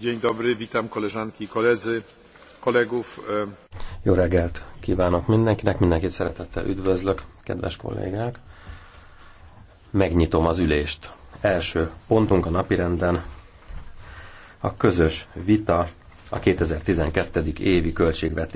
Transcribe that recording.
Dzień dobry, witam koleżanki i koledzy, kolegów. Jó reggelt kívánok mindenkinek, mindenkit szeretettel üdvözlök, kedves kollégák. Megnyitom az ülést. Első pontunk a napirenden a közös vita a 2012. évi költségvetés.